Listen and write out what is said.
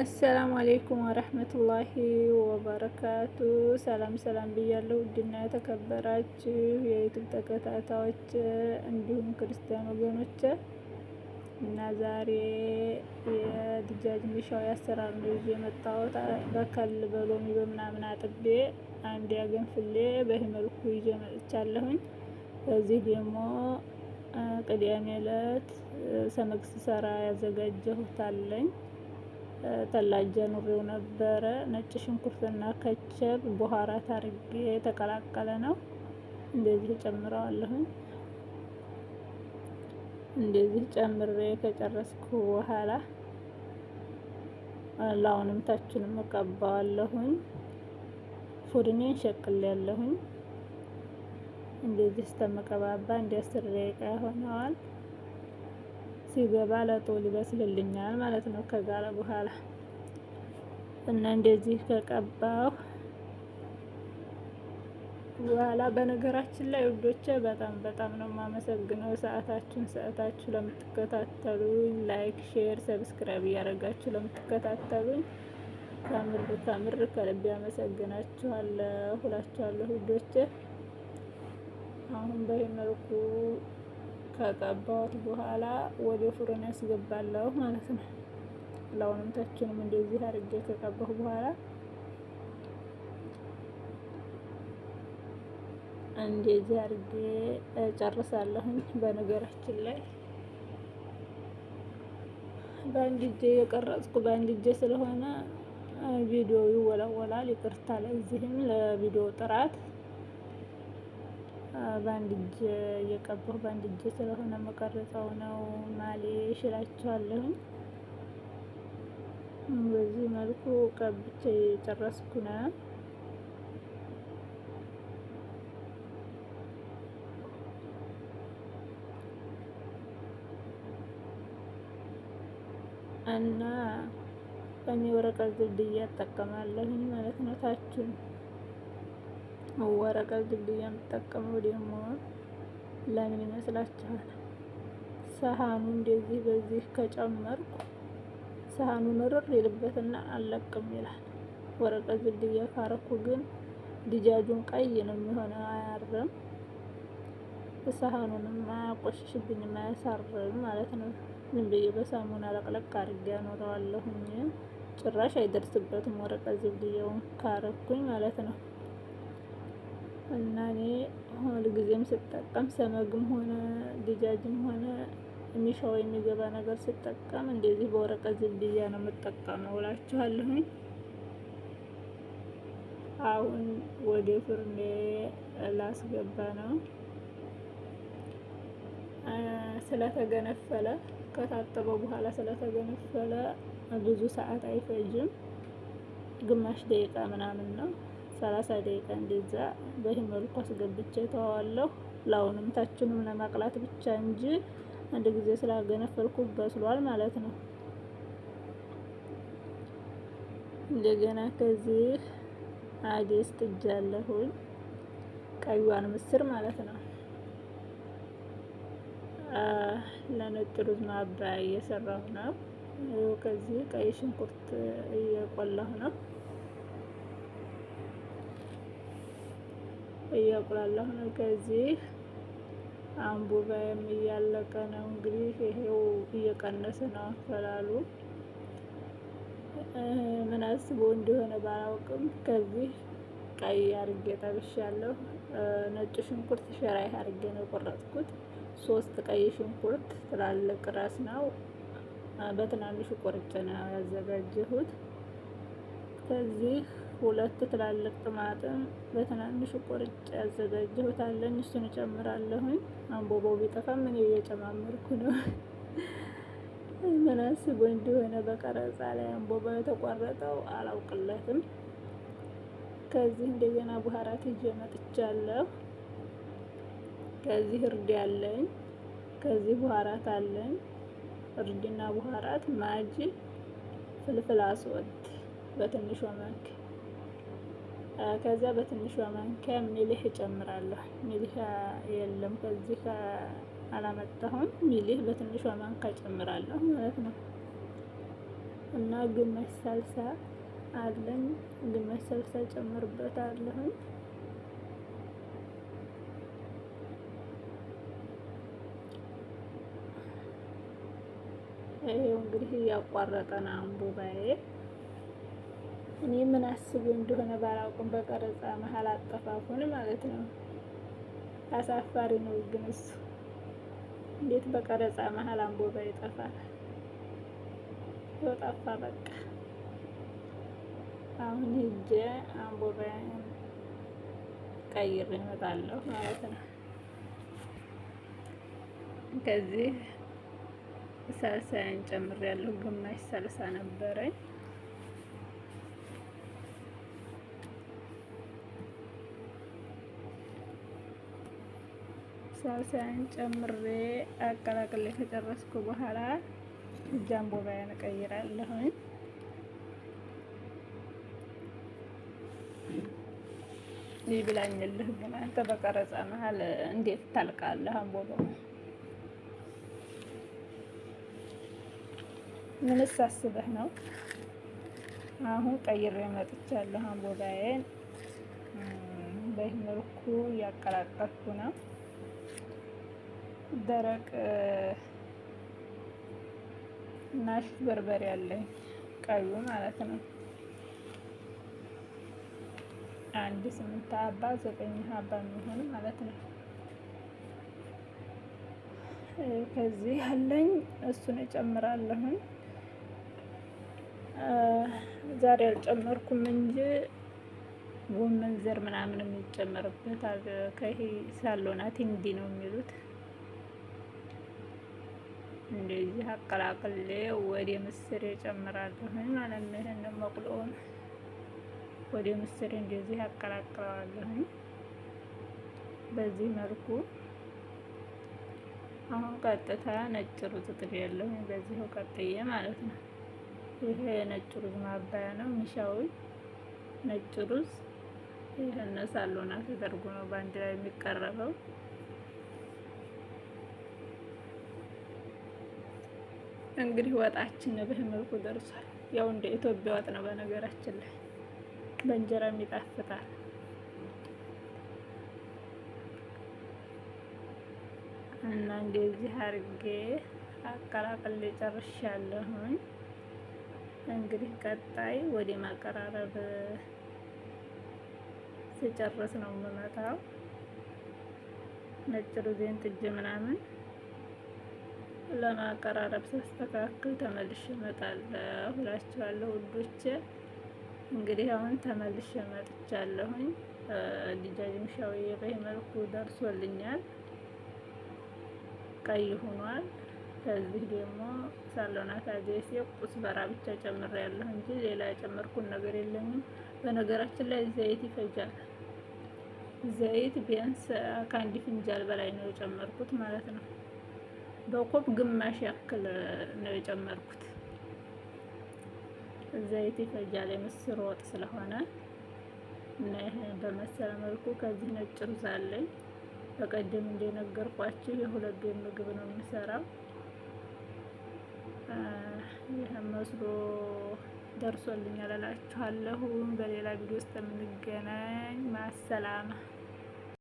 አሰላሙ አሌይኩም ወረህመቱላሂ ወበረካቱ። ሰላም ሰላም ብያለሁ። ውድና የተከበራችሁ የዩቱብ ተከታታዮች እንዲሁም ክርስቲያን ወገኖች እና ዛሬ የድጃጅ ሚሻዊ አሰራር ነው ይዤ የመጣሁት። በከል በሎሚ በምናምን አጥቤ አንድ ያገንፍሌ በዚህ መልኩ ይዤ መጥቻለሁኝ። በዚህ ደግሞ ቅዳሜ ዕለት ሰመግ ስሰራ ያዘጋጀሁት አለኝ ተላጃ ኑሬው ነበረ። ነጭ ሽንኩርትና ከቸብ ቡሃራት አርጌ የተቀላቀለ ነው። እንደዚህ ጨምረዋለሁኝ። እንደዚህ ጨምሬ ከጨረስኩ በኋላ ላውንም ታችንም እቀባዋለሁኝ። ፉድኔን ሸቅል ያለሁኝ እንደዚህ ስተመቀባባ እንዲ አስር ደቂቃ ሆነዋል። ሲገባ ለጦል ይበስልልኛል ማለት ነው ከጋለ በኋላ እና እንደዚህ ከቀባው በኋላ በነገራችን ላይ ውዶቼ በጣም በጣም ነው የማመሰግነው። ሰዓታችሁን ሰዓታችሁ ለምትከታተሉኝ ላይክ፣ ሼር፣ ሰብስክራይብ እያደረጋችሁ ለምትከታተሉኝ ከምር ከምር ከልብ ያመሰግናችኋለሁ እላችኋለሁ ውዶቼ አሁን በይመልኩ ከጠባሁት በኋላ ወደ ፉርን ያስገባለሁ ማለት ነው። ላውንም ተችንም እንደዚህ አድርጌ ከጠባሁ በኋላ እንደዚህ አድርጌ ጨርሳለሁኝ። በነገራችን ላይ በአንድ እጄ የቀረጽኩ በአንድ እጄ ስለሆነ ቪዲዮ ይወላወላል። ይቅርታ ለዚህም ለቪዲዮ ጥራት በአንድ እጄ እየቀባሁ በአንድ ስለሆነ መቀረጸው ነው ማሌ እላችኋለሁኝ። በዚህ መልኩ ቀብቼ ጨረስኩ ነው። እና እኔ ወረቀት ዝብድ እያጠቀማለሁኝ ማለት ነው ታችን መዋረቀር ድልድይ የምጠቀመው ደግሞ ለምን ይመስላችኋል? ሰሃኑ እንደዚህ በዚህ ከጨመርኩ ሰሃኑ ምርር ይልበትና አለቅም ይላል። ወረቀት ድልድይ ካረኩ ግን ድጃጁን ቀይ ነው የሚሆነው፣ አያርም። ሰሃኑንም አያቆሽሽብኝም፣ አያሳርም ማለት ነው። ዝም ብዬ በሳሙና ለቅለቅ አድርጌ አኖረዋለሁኝ። ጭራሽ አይደርስበትም ወረቀት ድልድዩን ካረኩኝ ማለት ነው። እና እኔ ሁልጊዜም ስጠቀም ሰመግም ሆነ ድጃጅም ሆነ የሚሻው የሚገባ ነገር ስጠቀም እንደዚህ በወረቀት ዝብድያ ነው የምጠቀመው እላችኋለሁኝ። አሁን ወደ ፍርኔ ላስገባ ነው። ስለተገነፈለ ከታጠበ በኋላ ስለተገነፈለ ብዙ ሰዓት አይፈጅም፣ ግማሽ ደቂቃ ምናምን ነው። ሰላሳ ደቂቃ እንደዛ በዚህ መልኩ አስገብቼ ተዋዋለሁ። ላውንም ታችንም ለማቅላት ብቻ እንጂ አንድ ጊዜ ስላገነፈልኩ በስሏል ማለት ነው። እንደገና ከዚህ አዲስ ጥጃለሁኝ ቀዩዋን ምስር ማለት ነው። ለነጭ ሩዝ ማባያ እየሰራሁ ነው። ከዚህ ቀይ ሽንኩርት እየቆላሁ ነው። እያቁላለሁ ነው። ከዚህ አንቡባዬም እያለቀ ነው። እንግዲህ ይሄው እየቀነሰ ነው አፈላሉ። ምን አስቦ እንደሆነ ባላውቅም ከዚህ ቀይ አርጌ ጠብሻለሁ። ነጭ ሽንኩርት ሸራይ አርጌ ነው የቆረጥኩት። ሶስት ቀይ ሽንኩርት ትላልቅ ራስ ነው በትናንሹ ቆርጬ ነው ያዘጋጀሁት። ከዚህ ሁለት ትላልቅ ጥማጥም በትናንሹ ቆርጬ ያዘጋጀሁት እሱን እጨምራለሁኝ። አንቦባው ቢጠፋም እኔ እየጨማመርኩ ነው። ምን አስቦ እንደሆነ በቀረጻ ላይ አንቦባ የተቆረጠው አላውቅለትም። ከዚህ እንደገና ባህራት ይዤ መጥቻለሁ። ከዚህ እርድ ያለኝ ከዚህ ባህራት አለኝ። እርድና ባህራት ማጅ ፍልፍል አስወድ በትንሿ መልክ ከዛ በትንሹ ማንኪያ ሚሊህ እጨምራለሁ። ሚሊህ የለም ከዚህ አላመጣሁም። ሚሊህ በትንሹ ማንኪያ እጨምራለሁ ማለት ነው። እና ግማሽ ሳልሳ አለኝ። ግማሽ ሳልሳ እጨምርበታለሁ። ይሄው እንግዲህ እያቋረጠ ነው አምቦባዬ እኔ ምን አስቡ እንደሆነ ባላውቅም በቀረጻ መሀል አጠፋፉን ማለት ነው። አሳፋሪ ነው ግን እሱ እንዴት በቀረጻ መሀል አንቦባ ይጠፋል? ጠፋ በቃ። አሁን ሂጄ አንቦባ ቀይሬ እመጣለሁ ማለት ነው። ከዚህ ሳልሳ ጨምሬያለሁ። ግማሽ ሳልሳ ነበረኝ ሳልሳን ጨምሬ አቀላቅሌ ከጨረስኩ በኋላ ጃምቦ ባያን እቀይራለሁኝ። ይብላኝልህ ግን አንተ በቀረጻ መሀል እንዴት ታልቃለህ? አንቦባው ምንስ ሳስበህ ነው? አሁን ቀይሬ መጥቻለሁ። አንቦባዬን በዚህ መልኩ እያቀላቀልኩ ነው። ደረቅ ናሽ በርበሬ አለኝ፣ ቀዩ ማለት ነው። አንድ ስምንት አባ ዘጠኝ አባ የሚሆን ማለት ነው። ከዚህ ያለኝ እሱን እጨምራለሁኝ። ዛሬ አልጨመርኩም እንጂ ጎመን ዘር ምናምን የሚጨመርበት ከይሄ ሳሎናት እንዲ ነው የሚሉት እንደዚህ አቀላቅሌ ወደ ምስር እጨምራለሁኝ ማለት ነው። ይሄንን መቁሎውን ወደ ምስር እንደዚህ አቀላቅለዋለሁ በዚህ መልኩ አሁን ቀጥታ ነጭ ሩዝ ጥድ ያለሁኝ በዚህው ቀጥዬ ማለት ነው። ይሄ የነጭ ሩዝ ማባያ ነው ምሻዊ ነጭ ሩዝ ይህነ ሳሎና ተደርጎ ነው በአንድ ላይ የሚቀረበው። እንግዲህ ወጣችን በዚህ መልኩ ደርሷል። ያው እንደ ኢትዮጵያ ወጥ ነው በነገራችን ላይ በእንጀራም ይጣፍጣል። እና እንደዚህ አድርጌ አቀላቅል ጨርሻለሁኝ። እንግዲህ ቀጣይ ወደ ማቀራረብ ስጨርስ ነው የምመጣው ነጭ ሩዜን ጥጄ ምናምን ለማቀራረብ ሳስተካክል ተመልሼ እመጣለሁ እላችኋለሁ ውዶቼ። እንግዲህ አሁን ተመልሼ መጥቻለሁኝ። ዲጃጅም ሻውዬ በዚህ መልኩ ደርሶልኛል፣ ቀይ ሆኗል። ከዚህ ደግሞ ሳሎና ታዴሴ ቁስ በራ ብቻ ጨምሬያለሁ እንጂ ሌላ ጨመርኩን ነገር የለኝም። በነገራችን ላይ ዘይት ይፈጃል። ዘይት ቢያንስ ከአንድ ፍንጃል በላይ ነው የጨመርኩት ማለት ነው። በኮብ ግማሽ ያክል ነው የጨመርኩት። ዘይት ይፈጃል የምስር ወጥ ስለሆነ እና ይሄን በመሰለ መልኩ ከዚህ ነጭ ሩዝ አለኝ። በቀደም እንደነገርኳችሁ የሁለት ቤት ምግብ ነው የምሰራው። ይህም መስሎ ደርሶልኛል እላችኋለሁ። በሌላ ቪዲዮ ውስጥ የምንገናኝ ማሰላማ